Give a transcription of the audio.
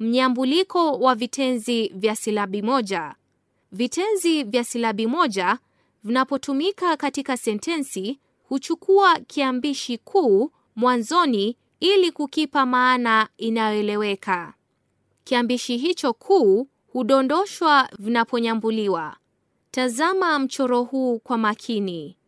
Mnyambuliko wa vitenzi vya silabi moja. Vitenzi vya silabi moja vinapotumika katika sentensi huchukua kiambishi kuu mwanzoni ili kukipa maana inayoeleweka. Kiambishi hicho kuu hudondoshwa vinaponyambuliwa. Tazama mchoro huu kwa makini.